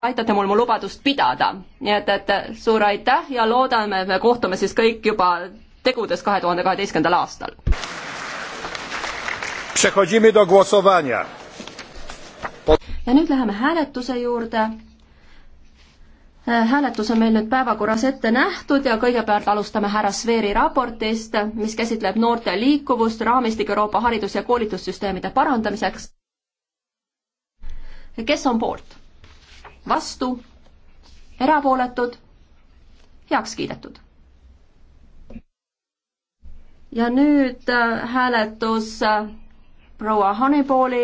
aitate mul mu lubadust pidada. nii et, et suur aitäh ja loodame, et me kohtume siis kõik juba tegudes kahe tuhande kaheteistkümnendal aastal. ja nüüd läheme hääletuse juurde. hääletus on meil nüüd päevakorras ette nähtud ja kõigepealt alustame härra Sveeri raportist, mis käsitleb noorte liikuvust, raamistik Euroopa haridus- ja koolitussüsteemide parandamiseks. kes on poolt? vastu, erapooletud, heaks kiidetud. ja nüüd äh, hääletus äh, proua Honeyballi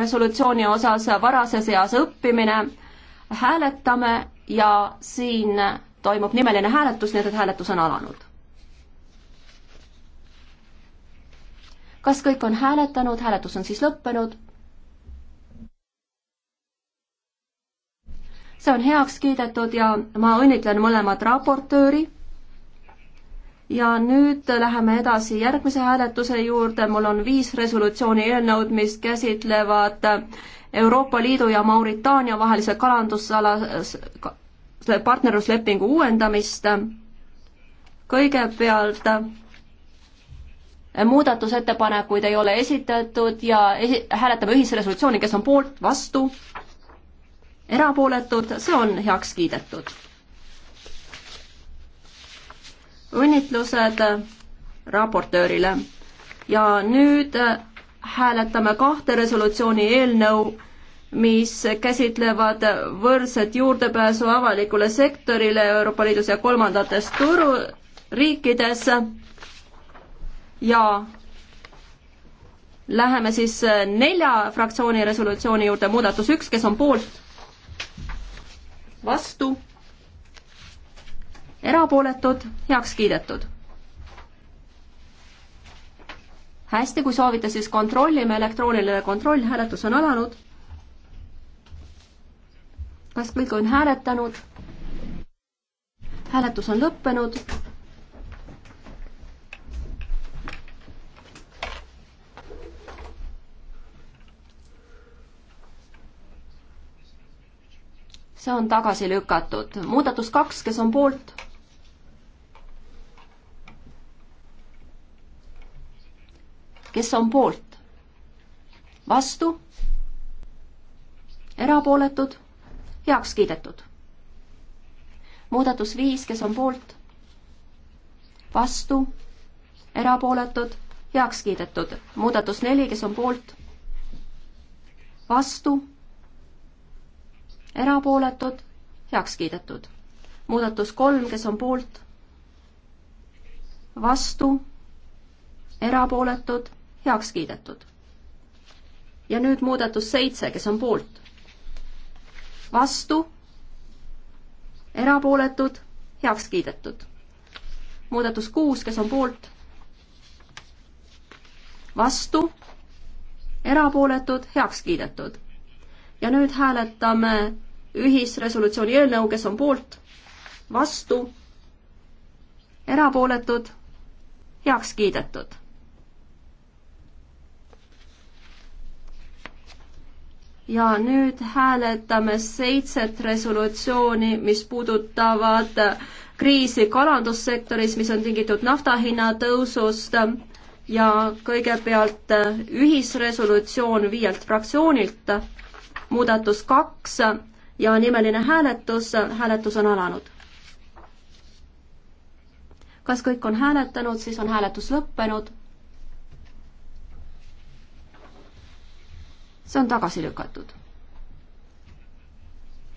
resolutsiooni osas varases eas õppimine. hääletame ja siin toimub nimeline hääletus, nii et hääletus on alanud. kas kõik on hääletanud, hääletus on siis lõppenud see on heaks kiidetud ja ma õnnitlen mõlemat raportööri. ja nüüd läheme edasi järgmise hääletuse juurde, mul on viis resolutsiooni eelnõud, mis käsitlevad Euroopa Liidu ja Mauritaania vahelise kalandusala partnerluslepingu uuendamist. kõigepealt muudatusettepanekuid ei ole esitatud ja esi-, hääletame ühisresolutsiooni, kes on poolt, vastu, erapooletud, see on heaks kiidetud. õnnitlused raportöörile ja nüüd hääletame kahte resolutsiooni eelnõu, mis käsitlevad võrdset juurdepääsu avalikule sektorile Euroopa Liidus ja kolmandates turu, riikides ja läheme siis nelja fraktsiooni resolutsiooni juurde, muudatus üks, kes on poolt vastu, erapooletud, heaks kiidetud. hästi, kui soovite, siis kontrollime, elektrooniline kontroll, hääletus on alanud. kas kõik on hääletanud? hääletus on lõppenud see on tagasi lükatud. muudatus kaks, kes on poolt? kes on poolt? vastu? erapooletud? heaks kiidetud. muudatus viis, kes on poolt? vastu? erapooletud? heaks kiidetud. muudatus neli, kes on poolt? vastu? erapooletud, heaks kiidetud. muudatus kolm, kes on poolt, vastu, erapooletud, heaks kiidetud. ja nüüd muudatus seitse, kes on poolt, vastu, erapooletud, heaks kiidetud. muudatus kuus, kes on poolt, vastu, erapooletud, heaks kiidetud. ja nüüd hääletame ühisresolutsiooni eelnõu, kes on poolt, vastu, erapooletud, heaks kiidetud. ja nüüd hääletame seitset resolutsiooni, mis puudutavad kriisi kalandussektoris, mis on tingitud nafta hinna tõusust ja kõigepealt ühisresolutsioon viielt fraktsioonilt, muudatus kaks ja nimeline hääletus, hääletus on alanud. kas kõik on hääletanud, siis on hääletus lõppenud. see on tagasi lükatud.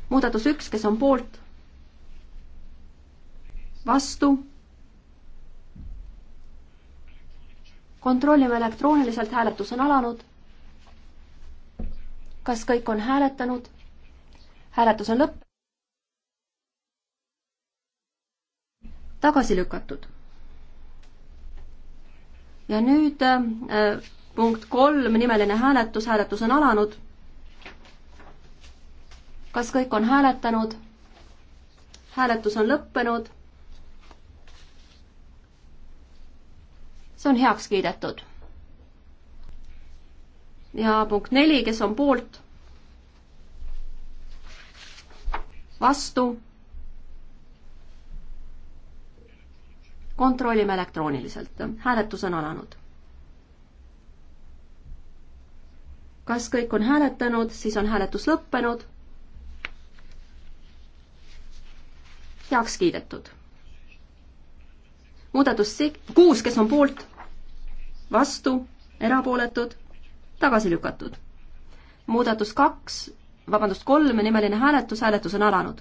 muudatus üks, kes on poolt, vastu, kontrollime elektrooniliselt, hääletus on alanud. kas kõik on hääletanud? hääletus on lõpp. tagasi lükatud. ja nüüd äh, punkt kolm, nimeline hääletus, hääletus on alanud. kas kõik on hääletanud? hääletus on lõppenud. see on heaks kiidetud. ja punkt neli, kes on poolt vastu. kontrollime elektrooniliselt, hääletus on alanud. kas kõik on hääletanud, siis on hääletus lõppenud. heaks kiidetud. muudatus kuus, kes on poolt, vastu, erapooletud, tagasi lükatud. muudatus kaks vabandust, kolm nimeline hääletus, hääletus on alanud.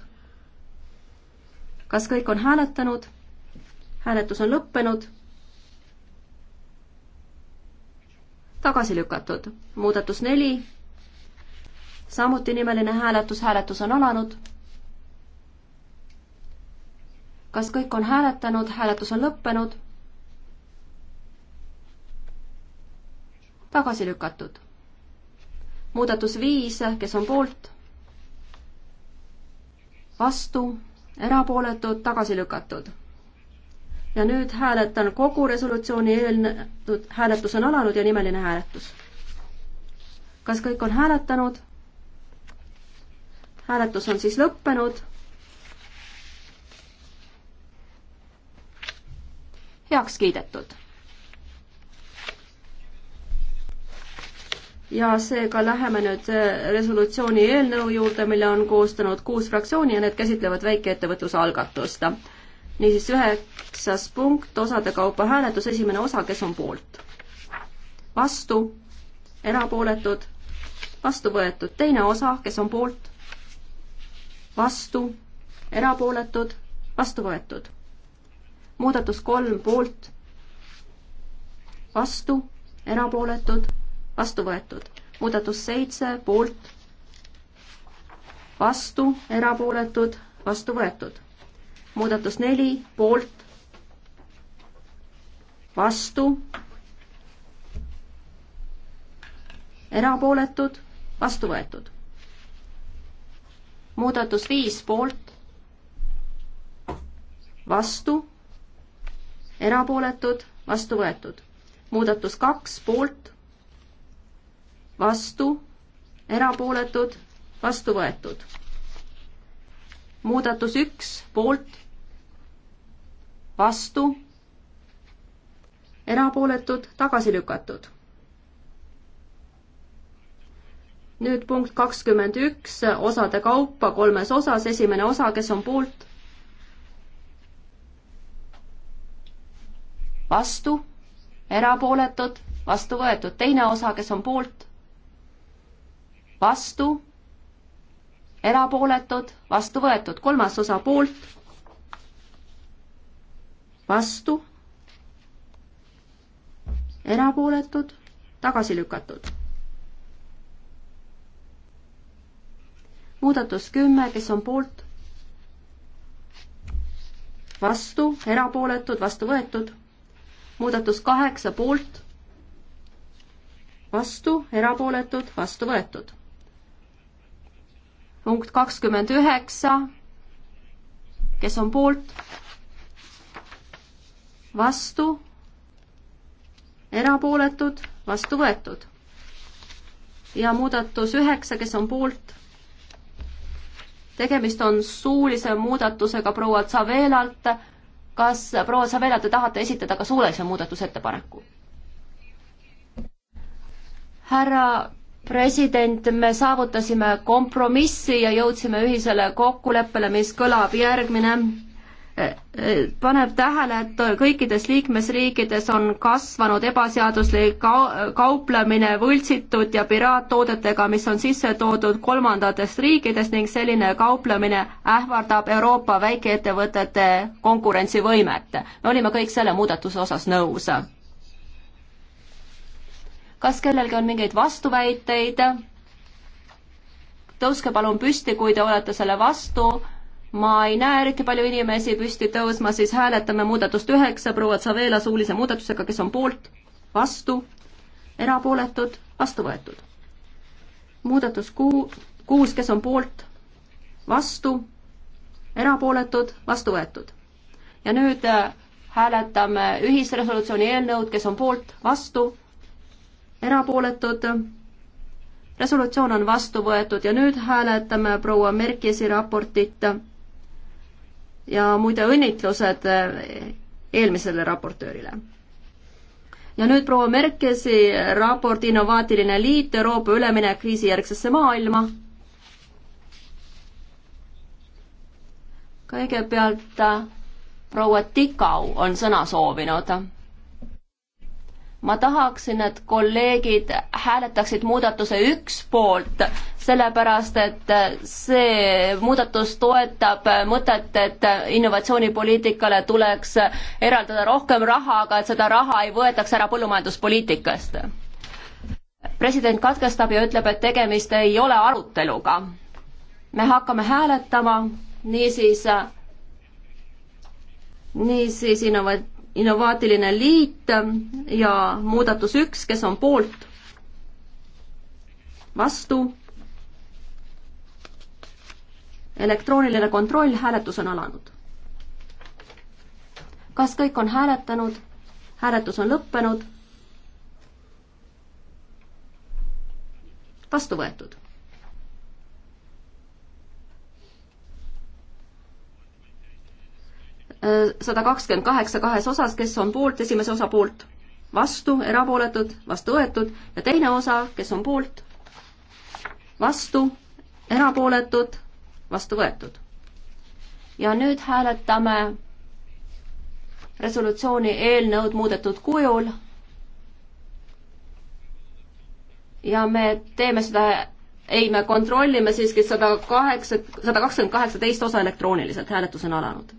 kas kõik on hääletanud? hääletus on lõppenud. tagasi lükatud. muudatus neli, samuti nimeline hääletus, hääletus on alanud. kas kõik on hääletanud, hääletus on lõppenud? tagasi lükatud muudatus viis, kes on poolt, vastu, erapooletud, tagasi lükatud. ja nüüd hääletan kogu resolutsiooni eelnõud, hääletus on alanud ja nimeline hääletus. kas kõik on hääletanud? hääletus on siis lõppenud. heaks kiidetud ja seega läheme nüüd äh, resolutsiooni eelnõu juurde, mille on koostanud kuus fraktsiooni ja need käsitlevad väikeettevõtluse algatust. niisiis üheksas punkt, osade kaupa hääletus, esimene osa, kes on poolt? vastu, erapooletud, vastu võetud, teine osa, kes on poolt? vastu, erapooletud, vastu võetud. muudatus kolm poolt, vastu, erapooletud vastu võetud. muudatus seitse poolt, vastu, erapooletud, vastu võetud. muudatus neli poolt, vastu, erapooletud, vastu võetud. muudatus viis poolt, vastu, erapooletud, vastu võetud. muudatus kaks poolt, vastu, erapooletud, vastu võetud. muudatus üks, poolt, vastu, erapooletud, tagasi lükatud. nüüd punkt kakskümmend üks, osade kaupa kolmes osas, esimene osa, kes on poolt, vastu, erapooletud, vastu võetud, teine osa, kes on poolt vastu, erapooletud, vastu võetud, kolmas osa poolt, vastu, erapooletud, tagasi lükatud. muudatus kümme, kes on poolt, vastu, erapooletud, vastu võetud, muudatus kaheksa poolt, vastu, erapooletud, vastu võetud punkt kakskümmend üheksa, kes on poolt, vastu, erapooletud, vastu võetud. ja muudatus üheksa, kes on poolt, tegemist on suulise muudatusega proua Tsavelalt, kas proua Savela, te tahate esitada ka suulise muudatusettepaneku? härra president, me saavutasime kompromissi ja jõudsime ühisele kokkuleppele, mis kõlab järgmine. Eh, eh, paneb tähele, et kõikides liikmesriikides on kasvanud ebaseaduslik kauplemine võltsitud ja piraattoodetega, mis on sisse toodud kolmandatest riikidest ning selline kauplemine ähvardab Euroopa väikeettevõtete konkurentsivõimet. me olime kõik selle muudatuse osas nõus kas kellelgi on mingeid vastuväiteid? tõuske palun püsti, kui te olete selle vastu. ma ei näe eriti palju inimesi püsti tõusma, siis hääletame muudatust üheksa, proua Tsaveela suulise muudatusega, kes on poolt, vastu, erapooletud, vastu võetud. muudatus kuu, kuus, kes on poolt, vastu, erapooletud, vastu võetud. ja nüüd äh, hääletame ühisresolutsiooni eelnõud, kes on poolt, vastu erapooletud. resolutsioon on vastu võetud ja nüüd hääletame proua Merkisi raportit. ja muide õnnitlused eelmisele raportöörile. ja nüüd proua Merkisi raport Innovaatiline liit Euroopa üleminek kriisijärgsesse maailma. kõigepealt äh, proua Tikau on sõna soovinud ma tahaksin, et kolleegid hääletaksid muudatuse üks poolt, sellepärast et see muudatus toetab mõtet, et innovatsioonipoliitikale tuleks eraldada rohkem raha, aga et seda raha ei võetaks ära põllumajanduspoliitikast. president katkestab ja ütleb, et tegemist ei ole aruteluga. me hakkame hääletama, niisiis, niisiis innovat-, innovaatiline liit ja muudatus üks, kes on poolt, vastu, elektrooniline kontroll, hääletus on alanud. kas kõik on hääletanud? hääletus on lõppenud. vastu võetud. sada kakskümmend kaheksa kahes osas, kes on poolt, esimese osa poolt, vastu, erapooletud, vastu võetud ja teine osa, kes on poolt, vastu, erapooletud, vastu võetud. ja nüüd hääletame resolutsiooni eelnõud muudetud kujul. ja me teeme seda, ei, me kontrollime siiski sada kaheksa, sada kakskümmend kaheksateist osa elektrooniliselt, hääletus on alanud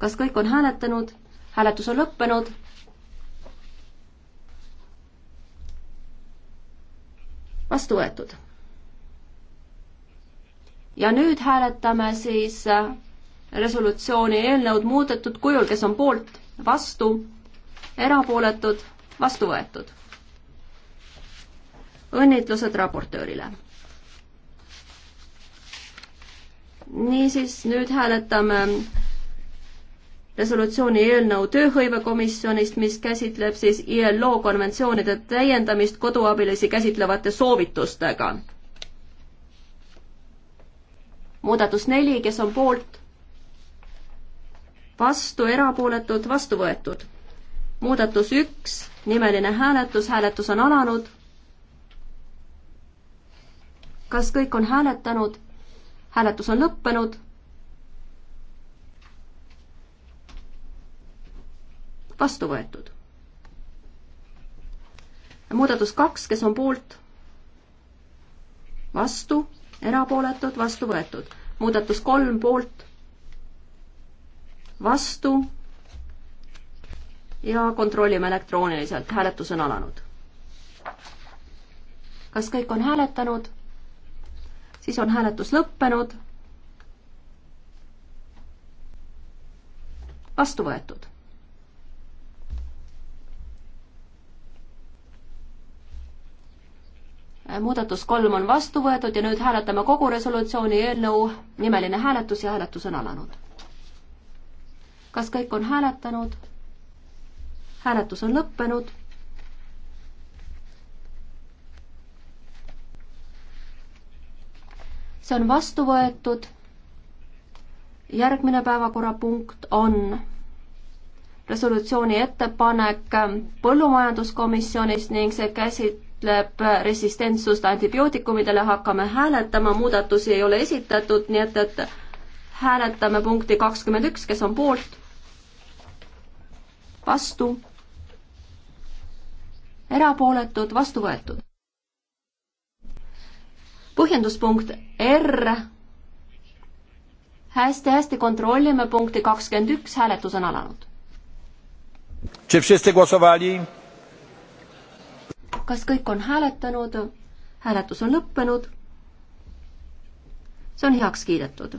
kas kõik on hääletanud? hääletus on lõppenud. vastu võetud. ja nüüd hääletame siis äh, resolutsiooni eelnõud muudetud kujul, kes on poolt, vastu, erapooletud, vastu võetud. õnnitlused raportöörile. niisiis, nüüd hääletame resolutsiooni eelnõu tööhõivekomisjonist, mis käsitleb siis ILO konventsioonide täiendamist koduabilisi käsitlevate soovitustega. muudatus neli, kes on poolt? vastu, erapooletud, vastu võetud. muudatus üks, nimeline hääletus, hääletus on alanud. kas kõik on hääletanud? hääletus on lõppenud vastu võetud. muudatus kaks, kes on poolt, vastu, erapooletud, vastu võetud. muudatus kolm poolt, vastu ja kontrollime elektrooniliselt, hääletus on alanud. kas kõik on hääletanud? siis on hääletus lõppenud. vastu võetud. muudatus kolm on vastu võetud ja nüüd hääletame kogu resolutsiooni eelnõu. nimeline hääletus ja hääletus on alanud. kas kõik on hääletanud? hääletus on lõppenud. see on vastu võetud. järgmine päevakorrapunkt on resolutsiooni ettepanek põllumajanduskomisjonis ning see käsit-, käsitleb resistentsust antibiootikumidele, hakkame hääletama, muudatusi ei ole esitatud, nii et, et hääletame punkti kakskümmend üks, kes on poolt, vastu, erapooletud, vastu võetud. põhjenduspunkt R hästi-hästi kontrollime punkti kakskümmend üks, hääletus on alanud kas kõik on hääletanud? hääletus on lõppenud. see on heaks kiidetud.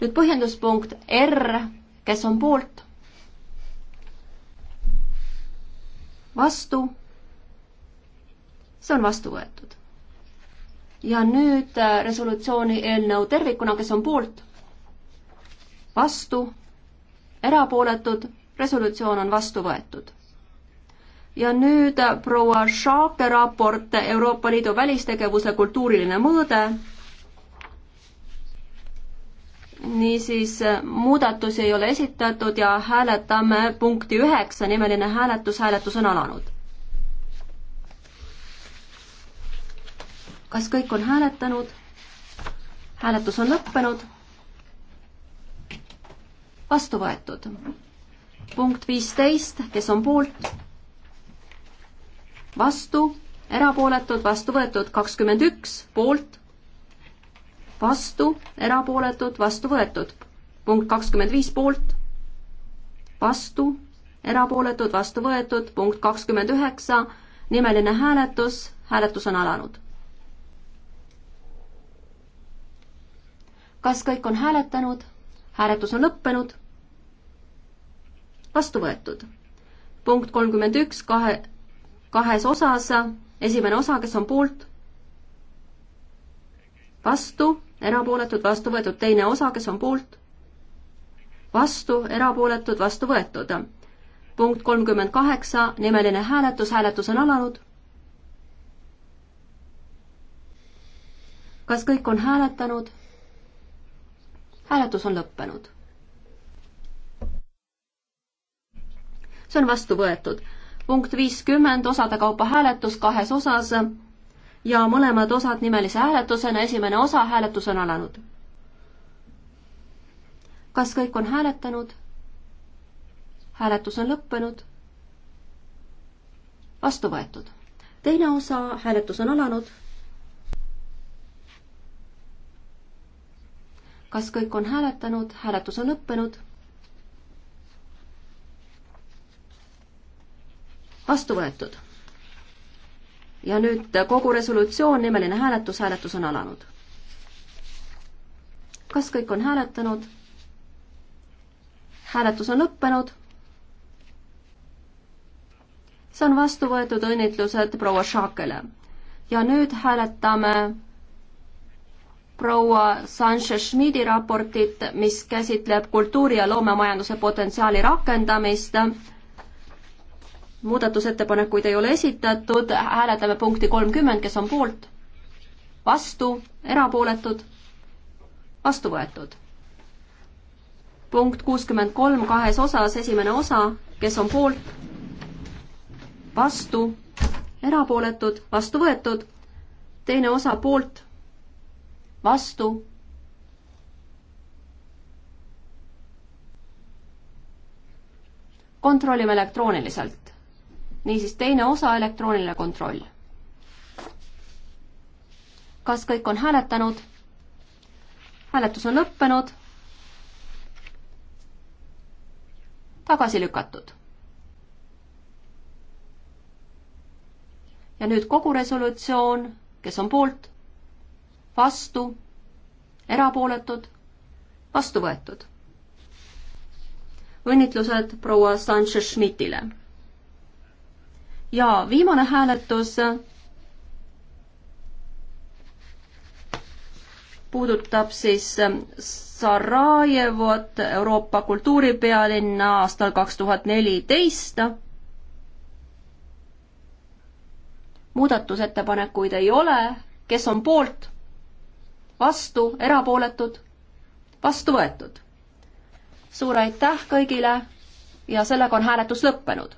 nüüd põhjenduspunkt R, kes on poolt? vastu. see on vastu võetud. ja nüüd äh, resolutsiooni eelnõu tervikuna, kes on poolt? vastu, erapooletud, resolutsioon on vastu võetud ja nüüd äh, proua Schaake raport Euroopa Liidu välistegevuse kultuuriline mõõde. niisiis, äh, muudatusi ei ole esitatud ja hääletame punkti üheksa, nimeline hääletus, hääletus on alanud. kas kõik on hääletanud? hääletus on lõppenud. vastu võetud. punkt viisteist, kes on poolt? vastu, erapooletud, vastu võetud, kakskümmend üks poolt, vastu, erapooletud, vastu võetud. punkt kakskümmend viis poolt, vastu, erapooletud, vastu võetud, punkt kakskümmend üheksa, nimeline hääletus, hääletus on alanud. kas kõik on hääletanud? hääletus on lõppenud. vastu võetud. punkt kolmkümmend üks, kahe, kahes osas, esimene osa, kes on poolt, vastu, erapooletud, vastu võetud, teine osa, kes on poolt, vastu, erapooletud, vastu võetud. punkt kolmkümmend kaheksa, nimeline hääletus, hääletus on alanud. kas kõik on hääletanud? hääletus on lõppenud. see on vastu võetud punkt viiskümmend, osade kaupa hääletus kahes osas ja mõlemad osad nimelise hääletusena, esimene osa hääletus on alanud. kas kõik on hääletanud? hääletus on lõppenud. vastu võetud. teine osa, hääletus on alanud. kas kõik on hääletanud, hääletus on lõppenud vastu võetud. ja nüüd kogu resolutsioon, nimeline hääletus, hääletus on alanud. kas kõik on hääletanud? hääletus on lõppenud. see on vastu võetud õnnitlused proua Šakele. ja nüüd hääletame proua Sanchez-Schmidi raportit, mis käsitleb kultuuri- ja loomemajanduse potentsiaali rakendamist muudatusettepanekuid ei ole esitatud, hääletame punkti kolmkümmend, kes on poolt, vastu, erapooletud, vastu võetud. punkt kuuskümmend kolm kahes osas, esimene osa, kes on poolt, vastu, erapooletud, vastu võetud, teine osa poolt, vastu, kontrollime elektrooniliselt niisiis teine osa, elektrooniline kontroll. kas kõik on hääletanud? hääletus on lõppenud. tagasi lükatud. ja nüüd kogu resolutsioon, kes on poolt, vastu, erapooletud, vastu võetud. õnnitlused proua Sanchez-Schmidtile ja viimane hääletus puudutab siis Sarajevot, Euroopa kultuuripealinna aastal kaks tuhat neliteist. muudatusettepanekuid ei ole, kes on poolt, vastu, erapooletud, vastu võetud. suur aitäh kõigile ja sellega on hääletus lõppenud.